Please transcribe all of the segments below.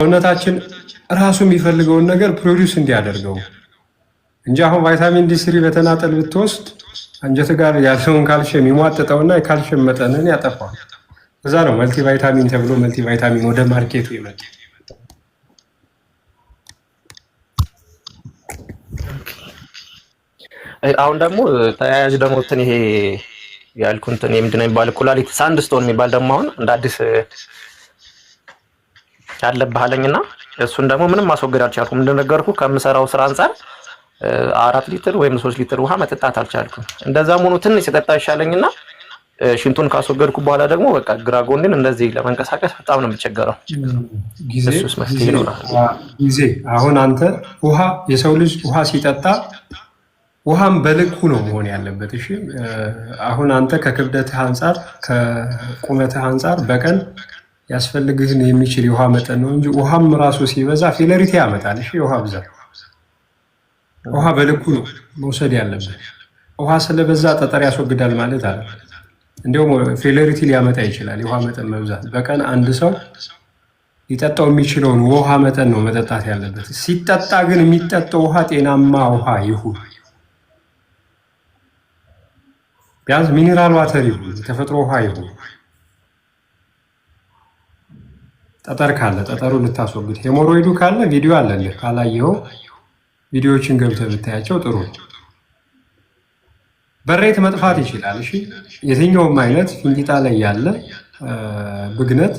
ሰውነታችን ራሱ የሚፈልገውን ነገር ፕሮዲውስ እንዲያደርገው እንጂ አሁን ቫይታሚን ዲ ስሪ በተናጠል ብትወስድ አንጀት ጋር ያለውን ካልሽየም የሚሟጥጠውና የካልሽየም መጠንን ያጠፋል። እዛ ነው መልቲ ቫይታሚን ተብሎ መልቲ ቫይታሚን ወደ ማርኬቱ ይመጣል። አሁን ደግሞ ተያያዥ ደግሞ እንትን ይሄ ያልኩ እንትን የምንድን ነው የሚባል ኩላሊት ሳንድስቶን የሚባል ደግሞ አሁን እንደ አዲስ ያለብህ አለኝና እሱን ደግሞ ምንም ማስወገድ አልቻልኩም። እንደነገርኩ ከምሰራው ስራ አንጻር አራት ሊትር ወይም ሶስት ሊትር ውሃ መጠጣት አልቻልኩም። እንደዛም ሆኖ ትንሽ የጠጣ ይሻለኝና ሽንቱን ካስወገድኩ በኋላ ደግሞ በቃ ግራ ጎንን እንደዚህ ለመንቀሳቀስ በጣም ነው የምቸገረው። እሱስ መፍትሄ ይኖራል? ጊዜ አሁን አንተ ውሃ የሰው ልጅ ውሃ ሲጠጣ ውሃም በልኩ ነው መሆን ያለበት። እሺ አሁን አንተ ከክብደትህ አንጻር ከቁመትህ አንጻር በቀን ያስፈልግህን የሚችል የውሃ መጠን ነው እንጂ ውሃም ራሱ ሲበዛ ፌለሪቲ ያመጣል። እሺ የውሃ ብዛት ውሃ በልኩ ነው መውሰድ ያለብን። ውሃ ስለበዛ ጠጠር ያስወግዳል ማለት አለ። እንዲሁም ፌለሪቲ ሊያመጣ ይችላል የውሃ መጠን መብዛት። በቀን አንድ ሰው ሊጠጣው የሚችለውን ውሃ መጠን ነው መጠጣት ያለበት። ሲጠጣ ግን የሚጠጣው ውሃ ጤናማ ውሃ ይሁን፣ ቢያንስ ሚኒራል ዋተር ይሁን፣ የተፈጥሮ ውሃ ይሁን። ጠጠር ካለ ጠጠሩ ልታስወግድ፣ ሄሞሮይዱ ካለ ቪዲዮ አለልህ። ካላየኸው ቪዲዮዎችን ገብተህ ብታያቸው ጥሩ በሬት መጥፋት ይችላል። እሺ፣ የትኛውም አይነት ፊንጢጣ ላይ ያለ ብግነት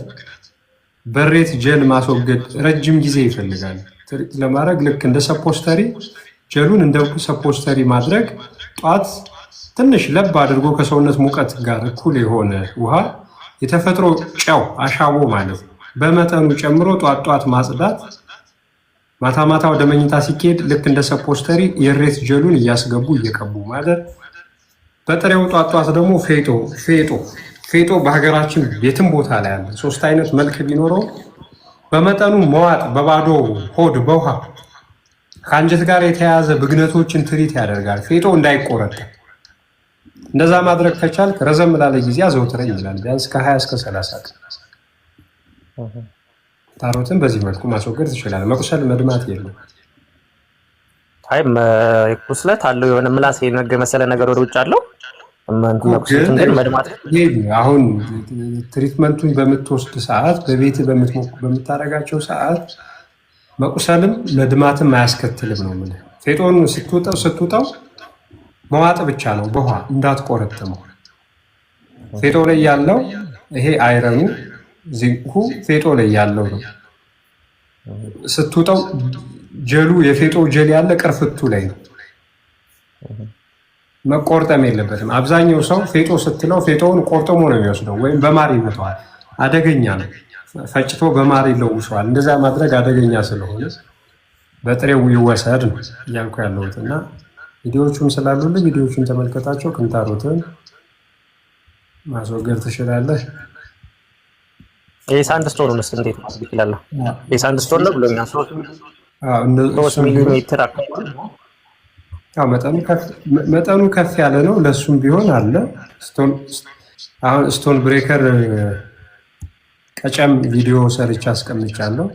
በሬት ጀል ማስወገድ ረጅም ጊዜ ይፈልጋል ለማድረግ። ልክ እንደ ሰፖስተሪ ጀሉን እንደ ሰፖስተሪ ማድረግ ጧት ትንሽ ለብ አድርጎ ከሰውነት ሙቀት ጋር እኩል የሆነ ውሃ የተፈጥሮ ጨው አሻቦ ማለት ነው በመጠኑ ጨምሮ ጧት ጧት ማጽዳት፣ ማታ ማታ ወደ መኝታ ሲኬድ ልክ እንደ ሰፖስተሪ የሬት ጀሉን እያስገቡ እየቀቡ ማለት። በጥሬው ጧት ጧት ደግሞ ፌጦ ፌጦ ፌጦ በሀገራችን የትም ቦታ ላይ አለ። ሶስት አይነት መልክ ቢኖረው በመጠኑ መዋጥ በባዶ ሆድ በውሃ ከአንጀት ጋር የተያያዘ ብግነቶችን ትሪት ያደርጋል። ፌጦ እንዳይቆረጥ እንደዛ ማድረግ ከቻልክ ረዘም ላለ ጊዜ አዘውትረኝ ይላል። ቢያንስ ከ20 እስከ 30 ቀን። ታሮትን በዚህ መልኩ ማስወገድ ትችላለህ። መቁሰል መድማት የለም። አይ ቁስለት አለው የሆነ ምላስ መሰለ ነገር ወደ ውጭ አለው። አሁን ትሪትመንቱን በምትወስድ ሰዓት፣ በቤት በምታደርጋቸው ሰዓት መቁሰልም መድማትም አያስከትልም ነው የምልህ። ፌጦን ስትውጠው ስትውጠው መዋጥ ብቻ ነው በውሃ እንዳትቆረጥመው ፌጦ ላይ ያለው ይሄ አይረኑ ዚንኩ ፌጦ ላይ ያለው ነው። ስትውጠው ጀሉ የፌጦ ጀል ያለ ቅርፍቱ ላይ ነው። መቆርጠም የለበትም። አብዛኛው ሰው ፌጦ ስትለው ፌጦውን ቆርጥሞ ነው የሚወስደው፣ ወይም በማር ይመተዋል። አደገኛ ነው። ፈጭቶ በማር ይለውሰዋል። እንደዛ ማድረግ አደገኛ ስለሆነ በጥሬው ይወሰድ ነው እያልኩ ያለሁት እና ቪዲዮዎቹም ስላሉልህ ቪዲዮዎቹን ተመልከታቸው። ክንታሮትን ማስወገድ ትችላለህ። የሳንድ ስቶን ነው እንዴት ማድረግ ይችላል? የሳንድ ስቶን ነው ብሎኛል። ሶስት ሚሊ ሜትር መጠኑ ከፍ ያለ ነው። ለእሱም ቢሆን አለ። አሁን ስቶን ብሬከር ቀጨም ቪዲዮ ሰርቻ አስቀምጫለሁ።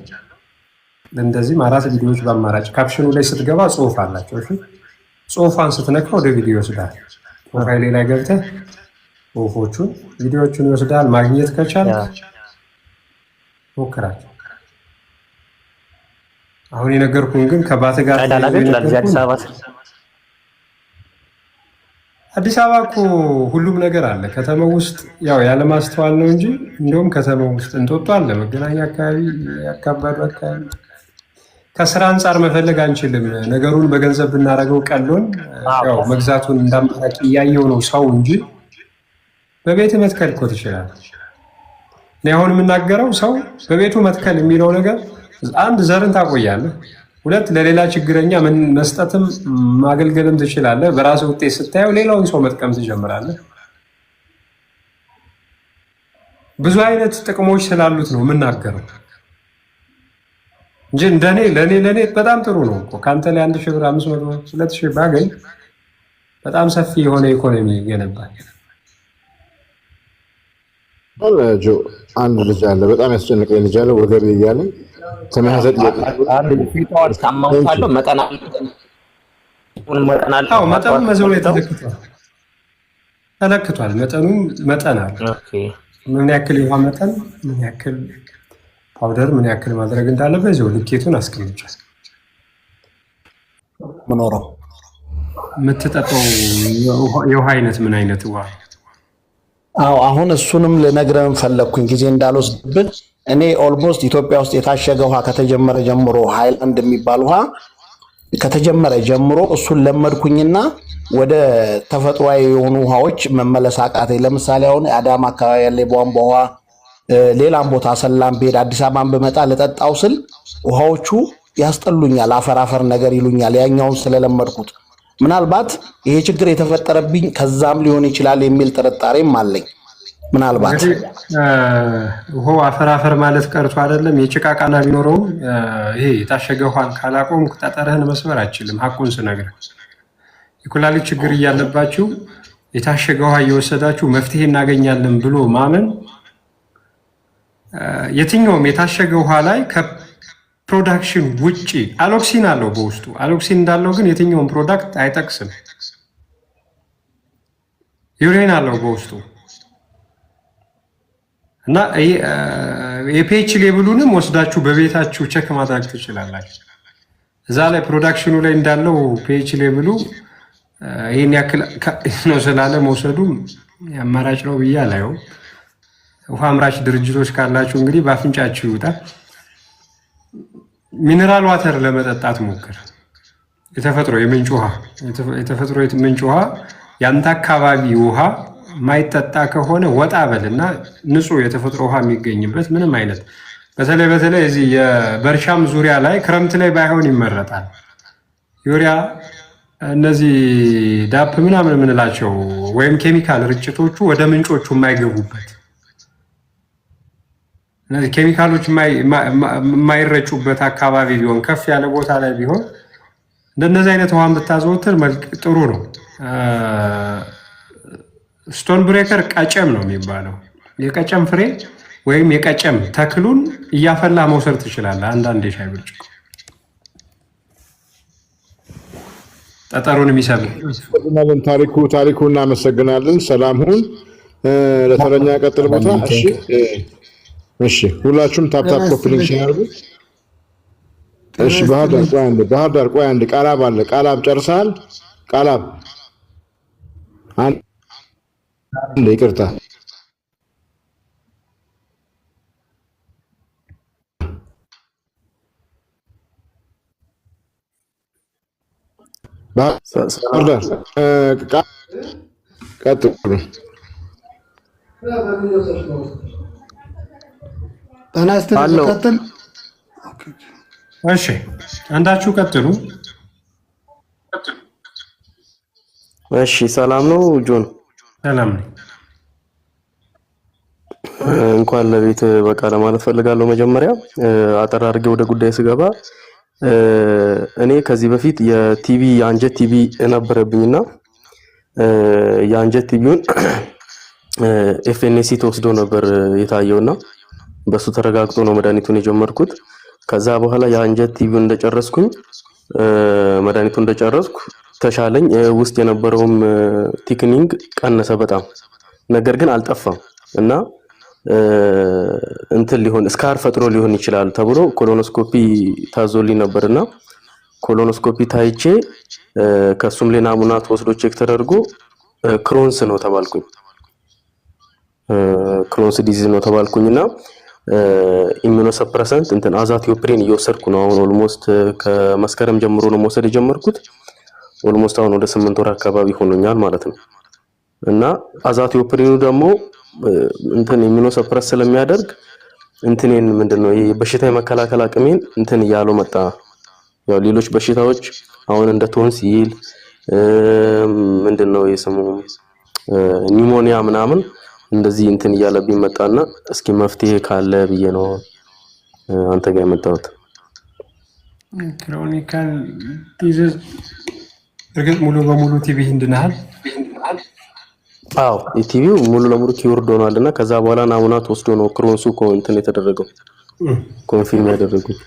እንደዚህም አራት ቪዲዮዎች በአማራጭ ካፕሽኑ ላይ ስትገባ ጽሁፍ አላቸው። ጽሁፏን ስትነካ ወደ ቪዲዮ ይወስዳል። ፕሮፋይሌ ላይ ገብተህ ጽሁፎቹን ቪዲዮቹን ይወስዳል። ማግኘት ከቻል ሞክራቸው። አሁን የነገርኩን ግን ከባት ጋር አዲስ አበባ አዲስ እኮ ሁሉም ነገር አለ። ከተማው ውስጥ ያው ያለማስተዋል ነው እንጂ እንደውም ከተማው ውስጥ እንጦጦ አለ፣ መገናኛ አካባቢ፣ ያካባዱ አካባቢ። ከስራ አንጻር መፈለግ አንችልም። ነገሩን በገንዘብ ብናደርገው ቀሎን ያው መግዛቱን እንዳማራጭ እያየው ነው ሰው እንጂ በቤት መትከል እኮ ትችላለህ። አሁን የምናገረው ሰው በቤቱ መትከል የሚለው ነገር አንድ ዘርን ታቆያለህ፣ ሁለት ለሌላ ችግረኛ መስጠትም ማገልገልም ትችላለህ። በራሱ ውጤት ስታየው ሌላውን ሰው መጥቀም ትጀምራለህ። ብዙ አይነት ጥቅሞች ስላሉት ነው የምናገረው እንጂ እንደኔ ለእኔ ለእኔ በጣም ጥሩ ነው እኮ ከአንተ ላይ አንድ ሺህ ብር አምስት መቶ ሁለት ሺህ ባገኝ በጣም ሰፊ የሆነ ኢኮኖሚ ይገነባል። ጆ አንድ ልጅ አለ፣ በጣም ያስጨነቀኝ ልጅ አለ። ወገቤ እያለ ተመሳሳይ መጠኑ መዘው ምን ያክል የውሃ መጠን፣ ምን ያክል ፓውደር፣ ምን ያክል ማድረግ እንዳለ በዚው ልኬቱን አስቀምጫ ምኖረው የምትጠጣው የውሃ አይነት ምን አይነት ውሃ አዎ አሁን እሱንም ልነግረን ፈለግኩኝ ጊዜ እንዳልወስድብን። እኔ ኦልሞስት ኢትዮጵያ ውስጥ የታሸገ ውሃ ከተጀመረ ጀምሮ ሃይላንድ የሚባል ውሃ ከተጀመረ ጀምሮ እሱን ለመድኩኝና ወደ ተፈጥሯዊ የሆኑ ውሃዎች መመለስ አቃተኝ። ለምሳሌ አሁን የአዳማ አካባቢ ያለ የቧንቧ ውሃ፣ ሌላም ቦታ ሰላም ብሄድ አዲስ አበባን ብመጣ ልጠጣው ስል ውሃዎቹ ያስጠሉኛል፣ አፈር አፈር ነገር ይሉኛል ያኛውን ስለለመድኩት ምናልባት ይሄ ችግር የተፈጠረብኝ ከዛም ሊሆን ይችላል የሚል ጥርጣሬም አለኝ። ምናልባት ውሃ አፈራፈር ማለት ቀርቶ አይደለም የጭቃ ቃና ቢኖረውም ይሄ የታሸገ ውሃን ካላቆም ጠጠርህን መስበር አይችልም። ሀቁን ስነግር የኩላሊት ችግር እያለባችሁ የታሸገ ውሃ እየወሰዳችሁ መፍትሄ እናገኛለን ብሎ ማመን የትኛውም የታሸገ ውሃ ላይ ፕሮዳክሽን ውጪ አሎክሲን አለው በውስጡ። አሎክሲን እንዳለው ግን የትኛውን ፕሮዳክት አይጠቅስም። ዩሬን አለው በውስጡ እና የፔች ሌብሉንም ወስዳችሁ በቤታችሁ ቸክ ማድረግ ትችላላችሁ። እዛ ላይ ፕሮዳክሽኑ ላይ እንዳለው ፔች ሌብሉ ይህን ያክል ነው ስላለ መውሰዱ አማራጭ ነው ብዬ አላየውም። ውሃ አምራች ድርጅቶች ካላችሁ እንግዲህ በአፍንጫችሁ ይውጣል። ሚነራል ዋተር ለመጠጣት ሞክር። የተፈጥሮ የምንጭ ውሃ የተፈጥሮ ምንጭ ውሃ ያንተ አካባቢ ውሃ ማይጠጣ ከሆነ ወጣ እና ንጹህ የተፈጥሮ ውሃ የሚገኝበት ምንም አይነት በተለይ በተለይ እዚህ የበርሻም ዙሪያ ላይ ክረምት ላይ ባይሆን ይመረጣል። ዩሪያ እነዚህ ዳፕ ምናምን የምንላቸው ወይም ኬሚካል ርጭቶቹ ወደ ምንጮቹ የማይገቡበት እነዚህ ኬሚካሎች የማይረጩበት አካባቢ ቢሆን ከፍ ያለ ቦታ ላይ ቢሆን እንደነዚህ አይነት ውሃ ብታዘወትር ጥሩ ነው። ስቶን ብሬከር ቀጨም ነው የሚባለው። የቀጨም ፍሬ ወይም የቀጨም ተክሉን እያፈላ መውሰድ ትችላለህ። አንዳንድ የሻይ ብርጭቆ ጠጠሩን የሚሰብል ታሪኩ ታሪኩ እናመሰግናለን። ሰላም ሁን። ለተረኛ ቀጥል ቦታ እሺ ሁላችሁም ታፕታፕ ኮፕሊንግሽን አድርጉ። እሺ ባህር ዳር ቆይ አንድ ባህር ዳር ቆይ አንድ ቃላብ አለ። ቃላብ ጨርሳል። ቃላብ አንድ ይቅርታ ባህር ዳር ቀጥሉ እሺ አንዳችሁ ቀጥሉ። እሺ ሰላም ነው ጆን? ሰላም ነው። እንኳን ለቤት በቃ ለማለት ፈልጋለሁ። መጀመሪያ አጠር አድርጌ ወደ ጉዳይ ስገባ እኔ ከዚህ በፊት የቲቪ የአንጀት ቲቪ ነበረብኝና የአንጀት ቲቪውን ኤፍኤንሲ ተወስዶ ነበር የታየውና በሱ ተረጋግጦ ነው መድኃኒቱን የጀመርኩት። ከዛ በኋላ የአንጀት ቲቪ እንደጨረስኩኝ መድኃኒቱን እንደጨረስኩ ተሻለኝ። ውስጥ የነበረውም ቲክኒንግ ቀነሰ በጣም ነገር ግን አልጠፋም እና እንትን ሊሆን ስካር ፈጥሮ ሊሆን ይችላል ተብሎ ኮሎኖስኮፒ ታዞልኝ ነበርና ኮሎኖስኮፒ ታይቼ ከሱም ሌላ ናሙና ተወስዶ ቼክ ተደርጎ ክሮንስ ነው ተባልኩኝ። ክሮንስ ዲዚዝ ነው ተባልኩኝና ኢሚኖሰፕረሰንት እንትን አዛቲዮፕሪን እየወሰድኩ ነው አሁን ኦልሞስት ከመስከረም ጀምሮ ነው መውሰድ የጀመርኩት። ኦልሞስት አሁን ወደ ስምንት ወር አካባቢ ሆኖኛል ማለት ነው። እና አዛቲዮፕሪኑ ደግሞ እንትን ኢሚኖሰፕረስ ስለሚያደርግ እንትኔን ነው ይሄ በሽታ የመከላከል አቅሜን እንትን እያለው መጣ። ያው ሌሎች በሽታዎች አሁን እንደ ቶንሲል ነው የስሙ ኒሞኒያ ምናምን እንደዚህ እንትን እያለብኝ መጣና እስኪ መፍትሄ ካለ ብዬ ነው አንተ ጋር የመጣሁት። ክሮኒካል ዲዚዝ እርግጥ ሙሉ በሙሉ ቲቪ እንድናል። አዎ የቲቪው ሙሉ ለሙሉ ኪውርድ ሆኗል እና ከዛ በኋላ ናሙና ተወስዶ ነው ክሮንሱ እንትን የተደረገው ኮንፊርም ያደረጉት።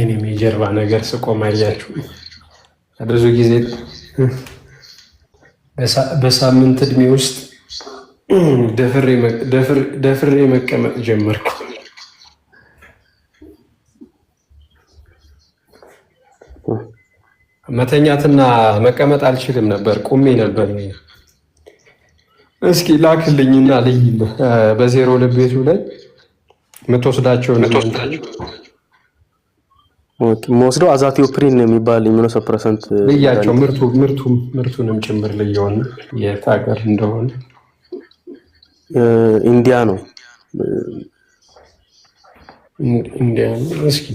እኔም የጀርባ ነገር ስቆም አያችሁ ብዙ ጊዜ በሳምንት እድሜ ውስጥ ደፍሬ መቀመጥ ጀመርኩ። መተኛትና መቀመጥ አልችልም ነበር፣ ቁሜ ነበር። እስኪ ላክልኝና ልይ በዜሮ ልቤቱ ላይ የምትወስዳቸውን መወስደው አዛቲዮፕሪን የሚባል የሚኖሰ ልያቸው ምርቱ ምርቱም ምርቱንም ጭምር ልየሆነ የት ሀገር እንደሆነ ኢንዲያ ነው። እንዲያ እስኪ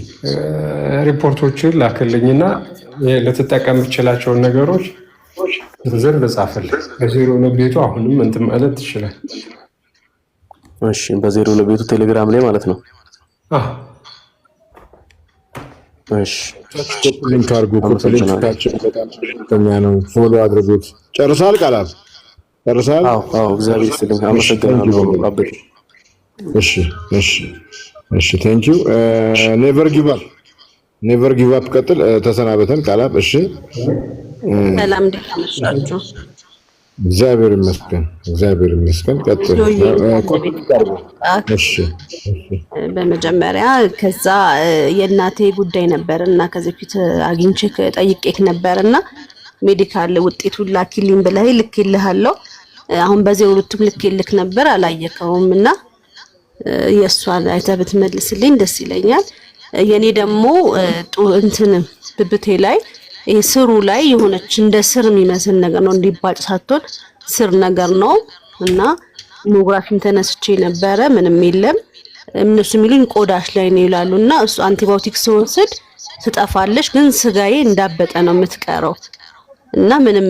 ሪፖርቶችን ላክልኝና ልትጠቀም ትችላቸውን ነገሮች ዝርዝር ልጻፍልህ። በዜሮ ለቤቱ አሁንም እንትን ማለት ትችላል። እሺ፣ በዜሮ ለቤቱ ቴሌግራም ላይ ማለት ነው። ኮፕሊንክ አድርጎ ኮፕሊንክ ከፍተኛ ነው። ፎሎ አድርጎት። ጨርሳል ቃላል ጨርሳል። እሺ እሺ እሺ። ቴንክ ዩ ኔቨር ጊቭ አፕ ኔቨር ጊቭ አፕ። ቀጥል። ተሰናበተን ቃላል። እሺ ሰላም እግዚአብሔር ይመስገን፣ እግዚአብሔር ይመስገን። ቀጥል። በመጀመሪያ ከዛ የእናቴ ጉዳይ ነበር እና ከዚህ ፊት አግኝቼ ጠይቄክ ነበር እና ሜዲካል ውጤቱን ላኪልኝ ብለህ ልኬልሃለሁ። አሁን በዚህ ሁለቱም ልኬልክ ነበር አላየከውም እና የእሷን አይተህ ብትመልስልኝ ደስ ይለኛል። የኔ ደግሞ እንትን ብብቴ ላይ ስሩ ላይ የሆነች እንደ ስር የሚመስል ነገር ነው። እንዲባጭ ሳትሆን ስር ነገር ነው እና ሞግራፊም ተነስቼ ነበረ። ምንም የለም። እነሱ የሚሉኝ ቆዳሽ ላይ ነው ይላሉ እና እሱ አንቲባዮቲክ ስወስድ ትጠፋለች፣ ግን ስጋዬ እንዳበጠ ነው የምትቀረው እና ምንም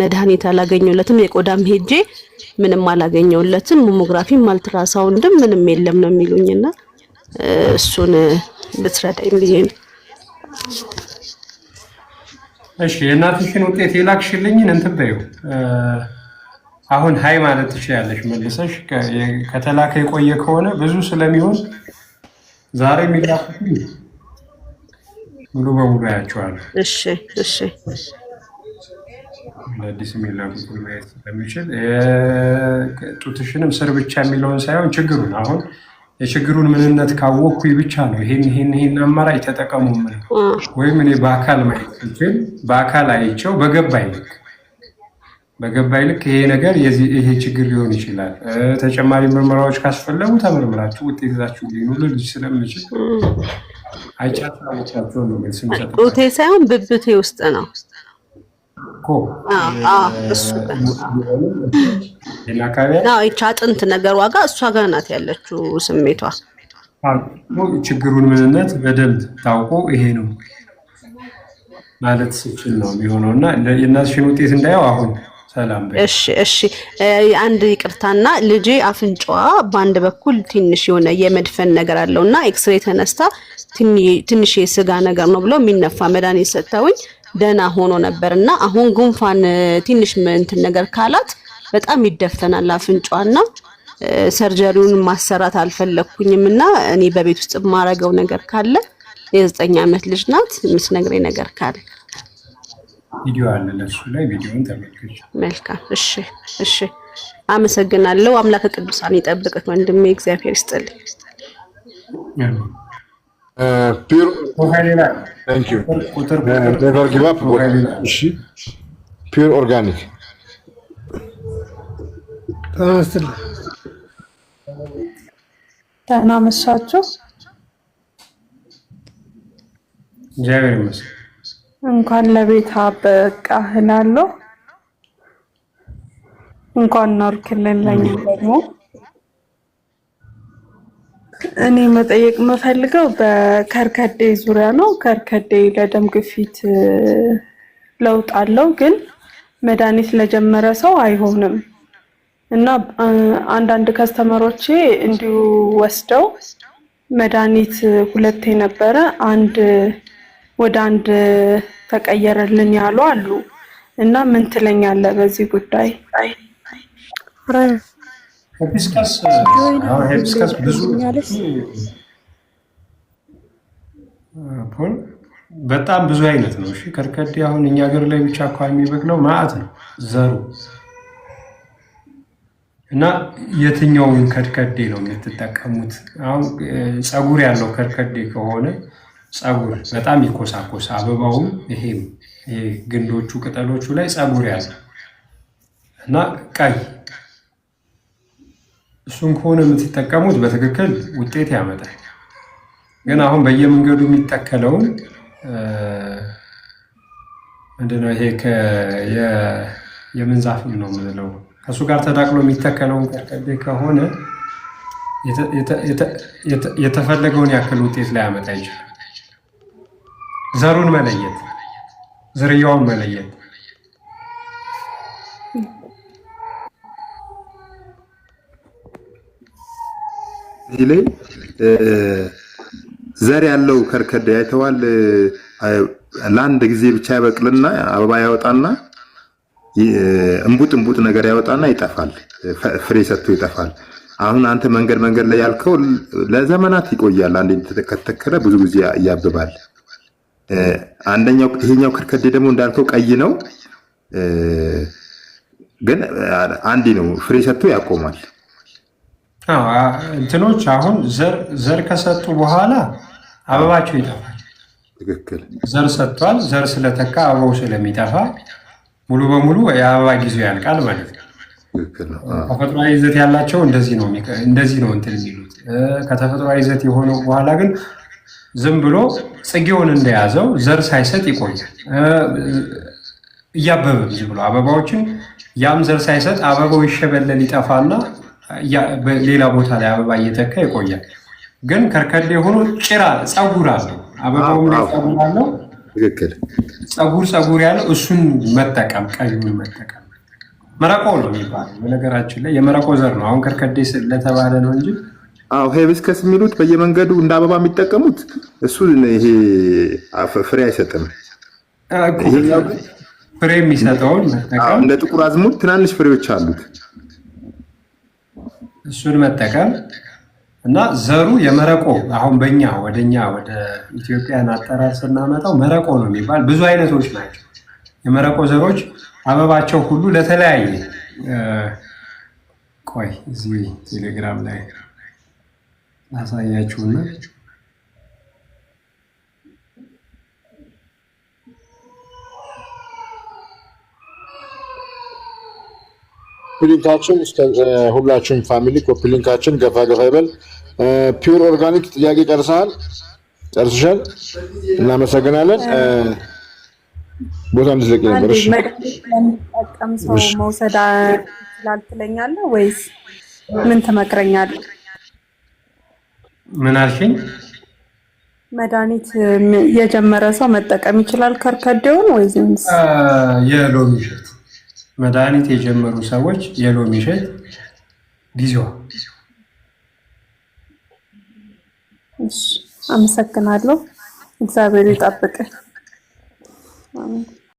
መድኃኒት አላገኘውለትም። የቆዳም ሄጄ ምንም አላገኘውለትም ሞሞግራፊም አልትራሳውንድም ምንም የለም ነው እና እሱን ብትረዳኝ ብዬ ነው። እሺ የእናትሽን ውጤት የላክሽልኝን እንትን በይው። አሁን ሀይ ማለት ትችያለሽ መልሰሽ። ከተላከ የቆየ ከሆነ ብዙ ስለሚሆን ዛሬ የሚላኩት ሙሉ በሙሉ ያቸዋል። እሺ እሺ አዲስ የሚላኩትን ማየት ስለሚችል ጡትሽንም ስር ብቻ የሚለውን ሳይሆን ችግሩን አሁን የችግሩን ምንነት ካወቅኩኝ ብቻ ነው ይሄን ይሄን ይሄን አማራጭ ተጠቀሙ ወይም እኔ በአካል ማይችል በአካል አይቸው በገባኝ ልክ በገባኝ ልክ ይሄ ነገር ይሄ ችግር ሊሆን ይችላል። ተጨማሪ ምርመራዎች ካስፈለጉ ተመርምራችሁ ውጤት ይዛችሁ ሊኖር ልጅ ስለምችል ነው ውቴ ሳይሆን ብብቴ ውስጥ ነው ይቻ ነገር ዋጋ እሷ ጋር ናት ያለችው ስሜቷ ችግሩን ምንነት በደንብ ታውቆ ይሄ ነው ማለት ስችል ነው የሚሆነው እና የእናትሽን ውጤት እንዳየው አሁን እሺ እሺ፣ አንድ ይቅርታና ልጄ አፍንጫዋ በአንድ በኩል ትንሽ የሆነ የመድፈን ነገር አለው እና ኤክስሬ ተነስታ ትንሽ የስጋ ነገር ነው ብለው የሚነፋ መድኃኒት ሰጥተውኝ ደህና ሆኖ ነበር እና አሁን ጉንፋን ትንሽ እንትን ነገር ካላት በጣም ይደፍተናል አፍንጫዋና ሰርጀሪውን ማሰራት አልፈለግኩኝም እና እኔ በቤት ውስጥ የማረገው ነገር ካለ የዘጠኝ ዓመት ልጅ ናት። የምትነግረኝ ነገር ካለ ቪዲዮ አለ ለሱ ላይ ቪዲዮን ተመልከች። መልካም እሺ፣ እሺ። አመሰግናለሁ። አምላከ ቅዱሳን ይጠብቅህ ወንድሜ። እግዚአብሔር ይስጥልኝ። ፒር ኦርጋኒክ uh, ደህና መሻችሁ። እንኳን ለቤት በቃህ እላለሁ። እንኳን ኖርክልን። ለእኛ ደግሞ እኔ መጠየቅ የምፈልገው በከርከዴ ዙሪያ ነው። ከርከዴ ለደም ግፊት ለውጥ አለው፣ ግን መድኃኒት ለጀመረ ሰው አይሆንም እና አንዳንድ ከስተመሮቼ እንዲሁ ወስደው መድኃኒት ሁለቴ ነበረ አንድ ወደ አንድ ተቀየረልን ያሉ አሉ እና ምን ትለኛለህ በዚህ ጉዳይ? ብዙ በጣም ብዙ አይነት ነው። እሺ ከርከዴ አሁን እኛ ሀገር ላይ ብቻ እኳ የሚበቅለው ማዕት ነው ዘሩ እና የትኛውን ከርከዴ ነው የምትጠቀሙት? አሁን ፀጉር ያለው ከርከዴ ከሆነ ፀጉር በጣም ይኮሳኮስ አበባውም ይሄም ግንዶቹ ቅጠሎቹ ላይ ፀጉር ያለው እና ቀይ እሱን ከሆነ የምትጠቀሙት በትክክል ውጤት ያመጣል። ግን አሁን በየመንገዱ የሚተከለውን ምንድነው ይሄ የምንዛፍም ነው ምንለው ከእሱ ጋር ተዳቅሎ የሚተከለውን ቀርቀቤ ከሆነ የተፈለገውን ያክል ውጤት ላይ ያመጣ ይችላል። ዘሩን መለየት፣ ዝርያውን መለየት እዚህ ላይ ዘር ያለው ከርከደ አይተዋል። ለአንድ ጊዜ ብቻ ያበቅልና አበባ ያወጣና እምቡጥ እንቡጥ ነገር ያወጣና ይጠፋል። ፍሬ ሰጥቶ ይጠፋል። አሁን አንተ መንገድ መንገድ ላይ ያልከው ለዘመናት ይቆያል። አንድ ከተተከለ ብዙ ጊዜ ያብባል። አንደኛው ይሄኛው ከርከዴ ደግሞ እንዳልከው ቀይ ነው፣ ግን አንድ ነው ፍሬ ሰጥቶ ያቆማል። እንትኖች አሁን ዘር ከሰጡ በኋላ አበባቸው ይጠፋል። ዘር ሰጥቷል። ዘር ስለተካ አበባው ስለሚጠፋ ሙሉ በሙሉ የአበባ ጊዜው ያልቃል ማለት ነው። ተፈጥሯዊ ይዘት ያላቸው እንደዚህ ነው እንደዚህ ነው እንትን የሚሉት። ከተፈጥሯዊ ይዘት የሆነው በኋላ ግን ዝም ብሎ ጽጌውን እንደያዘው ዘር ሳይሰጥ ይቆያል። እያበበ ዝም ብሎ አበባዎችን ያም ዘር ሳይሰጥ አበባው ይሸበለል ይጠፋና ሌላ ቦታ ላይ አበባ እየተካ ይቆያል። ግን ከርከሌ ሆኖ ጭራ ጸጉር አለው፣ አበባውም ላይ ጸጉር አለው። ጸጉር ጸጉር ያለው እሱን መጠቀም ቀዩን መጠቀም መረቆ ነው የሚባለው። በነገራችን ላይ የመረቆ ዘር ነው። አሁን ከርከዴ ስለተባለ ነው እንጂ አዎ ሄብስከስ የሚሉት በየመንገዱ እንደ አበባ የሚጠቀሙት እሱ ይሄ ፍሬ አይሰጥም። ፍሬ የሚሰጠውን እንደ ጥቁር አዝሙድ ትናንሽ ፍሬዎች አሉት። እሱን መጠቀም እና ዘሩ የመረቆ አሁን በእኛ ወደኛ ወደ ኢትዮጵያን አጠራር ስናመጣው መረቆ ነው የሚባል ብዙ አይነቶች ናቸው። የመረቆ ዘሮች አበባቸው ሁሉ ለተለያየ ቆይ እዚህ ቴሌግራም ላይ ላሳያችሁና እስከ ሁላችሁም ፋሚሊ ኮፕሊንካችን ገፋ ገፋ ይበል። ፒውር ኦርጋኒክ ጥያቄ ጨርሰሃል? ጨርስሻል? እናመሰግናለን። ቦታ እንድትለቅ ነበር የሚጠቀም ሰው መውሰድ ይችላል ትለኛለህ ወይስ ምን ትመክረኛለህ? ምን አልሽኝ? መድኃኒት የጀመረ ሰው መጠቀም ይችላል ከርከዴውን ወይስ የሎሚ እሸት መድኃኒት የጀመሩ ሰዎች የሎሚ ሸት ጊዜዋ። አመሰግናለሁ። እግዚአብሔር ይጠብቅ።